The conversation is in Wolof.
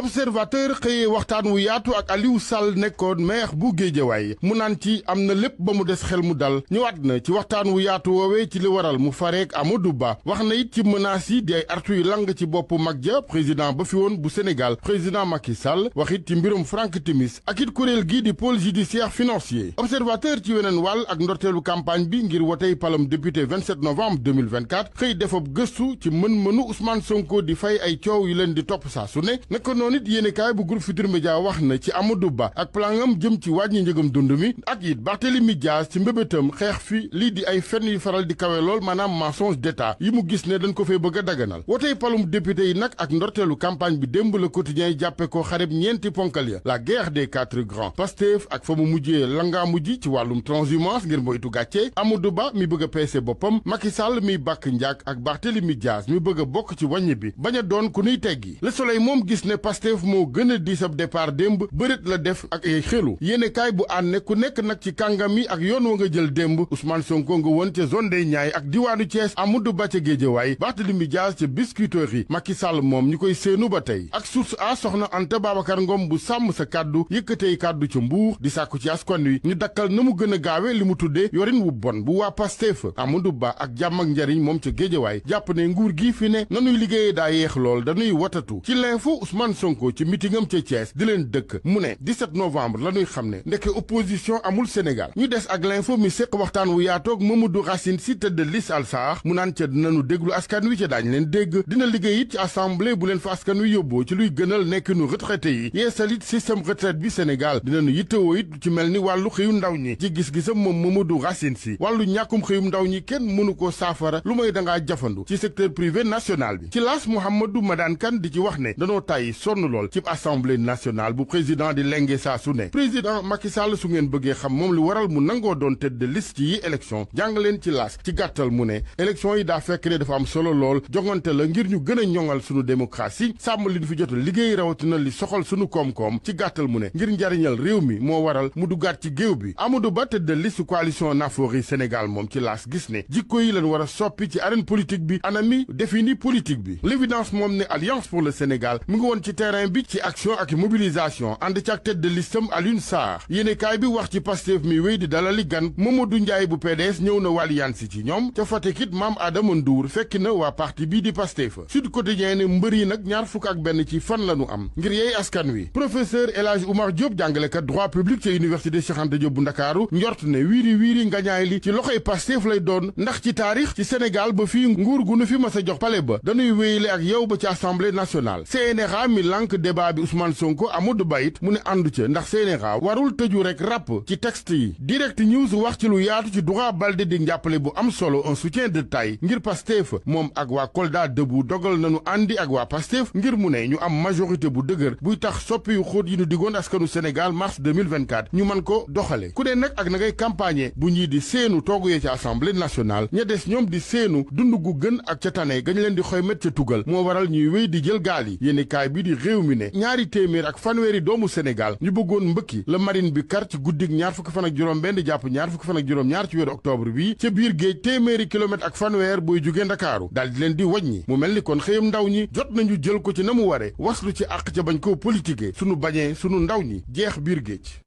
observateur xëyee waxtaan wu yaatu ak aliwu Sall nekkoon maire bu waaye mu naan ci am na lépp ba mu des xel mu dal ñëwaat na ci waxtaan wu yaatu woowee ci li waral mu fareek Amadou Ba wax na it ci menaces yi di ay artu yu lang ci bopp mag ja président ba fi woon bu Sénégal président Macky Sall wax it ci mbirum Franck Timis ak it kuréel gii di pôle judiciaire financier observateur ci weneen wàll ak ndorteelu campagne bi ngir wotey palam député 27 novembre 2024 xëy defab gëstu ci mën-mënu Ousmane Sonko di fay ay coow yu leen di topp saa su ne naka noonu it yéenekaay bu groupe Futurs Médias wax na ci Amadou Ba ak planam jëm ci wàññi njëgam dund mi ak it Barthélemy Dias ci mbebetam xeex fi lii di ay fenn yu faral di kawe lool maanaam mensonge d'État yi mu gis ne dañ ko fee bëgg daganal wotey palum député yi nag ak ndorteelu campagne bi démb Le Quotidien yi jàppe ko xareb ñeenti ponkal ya la guerre des quatre grands Pastef ak fa mu mujjee langaa mujj ci wàllum transhumance ngir moytu gàcce Amadou Ba mi bëgg a peese boppam Macky Sall miy bàkk njaak ak Barthélemy Dias mi bëgg a bokk ci wàññi bi bañ a doon ku ne Pastef moo gën a sa ab départ démb bërit la def ak ay xelu yéene kaay bu ànd ku nekk nag ci kàngam yi ak yoon wa nga jël démb Ousmane Sonko nga woon ca zone des Niayes ak diwaanu Thiès Amadou Ba ca Guédiawaye Barthélémy Dias ca Biscuiterie Macky Sall moom ñu koy séenu ba tey ak source a soxna Anta Babacar ngoom bu sàmm sa kàddu yëkkatey kàddu ca mbuur di sàkku ci askan wi ñu dakkal na mu gën a gaawe li mu tuddee yorin wu bon bu waa Pastef Amadou Ba ak jàmm ak moom ca Guédiawaye jàpp ne nguur gi fi ne nanuy liggéeyee daa yeex lool dañuy Ousmane Sonko ci mitingam ca Thiès di leen dëkk mu ne 17 novembre la ñuy xam ne ndeke opposition amul Sénégal ñu des ak l'info mi séq waxtaan wu yaatoog Mamadou Racine Sy tëdd liste Al Sahar mu naan ca dinañu déglu askan wi ca daañu leen dégg dina liggéey it ci assemblée bu leen fa askan wi yóbboo ci luy gënal nekk nu retraité yi yeesal it système retraite bi Sénégal dinañu yittewoo it ci mel ni wàllu xëyu ndaw ñi ci gis-gisam moom Mamadou Racine si wàllu ñàkkum xëyum ndaw ñi kenn mënu ko saafara lu may dangaa jafandu ci secteur privé national bi ci laas Mouhamadou Madane Kane di ci wax ne danoo tàyyi yi sonn lool ci assemblée nationale bu président di lengee saa su ne président Macky Sall su ngeen bëggee xam moom lu waral mu nangoo doon tête de liste yi élection jàng leen ci laas ci gàttal mu ne élection yi daa fekk ne dafa am solo lool jongante la ngir ñu gën a ñoŋal sunu démocratie sàmm li ñu fi jot liggéey rawatina li soxal sunu koom-koom ci gàttal mu ne ngir njariñal réew mi moo waral mu duggaat ci géew bi Amadou Ba tête de liste coalition Nafoori Sénégal moom ci laas gis ne jikko yi leen war a ci arène politique bi anami défini politique bi l'évidence moom ne alliance pour le Sénégal mu ci terrain bi ci action ak mobilisation ànd ci ak tête de listam Alioune Sarr yéenekaay bi wax ci Pastef mi wéy di dalali gan Mamadou Ndiaye bu PDS ñëw na wàlliyaan si ci ñoom ca Fatick it maam Adama Ndour fekki na waa parti bii di Pastef Sud Quotidien ne mbër yi nag ñaar fukk ak benn ci fan la ñu am ngir yeey askan wi professeur El Hadj Oumar Diop jàngalekat droit public ca université Cheikh Anta Diop bu Ndakaaru njort ne wiiri wiiri ngañaay li ci loxoy Pastef lay doon ndax ci taarix ci Sénégal ba fii nguur gu nu fi mas a jox pale ba dañuy wéyle ak yow ba ci assemblée nationale CNRA mi lànk débat bi Ousmane Sonko Amadou Ba it mu ne àndu ca ndax CNRA warul tëju rek ràpp ci texte yi Direct News wax ci lu yaatu ci Doura Baldé di njàppale bu am solo un soutien de taille ngir Pastef moom ak waa Kolda dëbu dogal nañu àndi ak waa Pastef ngir mu ne ñu am majorité bu dëgër buy tax soppi yu xóot yi ñu digoon askanu Sénégal mars 2024 ñu man ko doxale ku ne nag ak na ngay campagne bu ñii di seenu toogu yee ci assemblée nationale ña des ñoom di seenu dund gu gën ak ca tane gañ leen di xoymet ca tugal moo bi di xéew mi ne ñaari téeméer ak fanweeri doomu Sénégal ñu bëggoon mbëkki la marin bi kar ci guddik ñaar fukki fan ak juróom benn jàpp ñaar fukki fan ak juróom ñaar ci weeru octobre bi ca biir géej téeméeri kilomètre ak fanweer booy jugee ndakaaru daal di leen di wàññi mu mel ni kon xëyam ndaw ñi jot nañu jël ko ci na mu ware waslu ci àq ca bañ koo politique sunu bañee sunu ndaw ñi jeex biir géej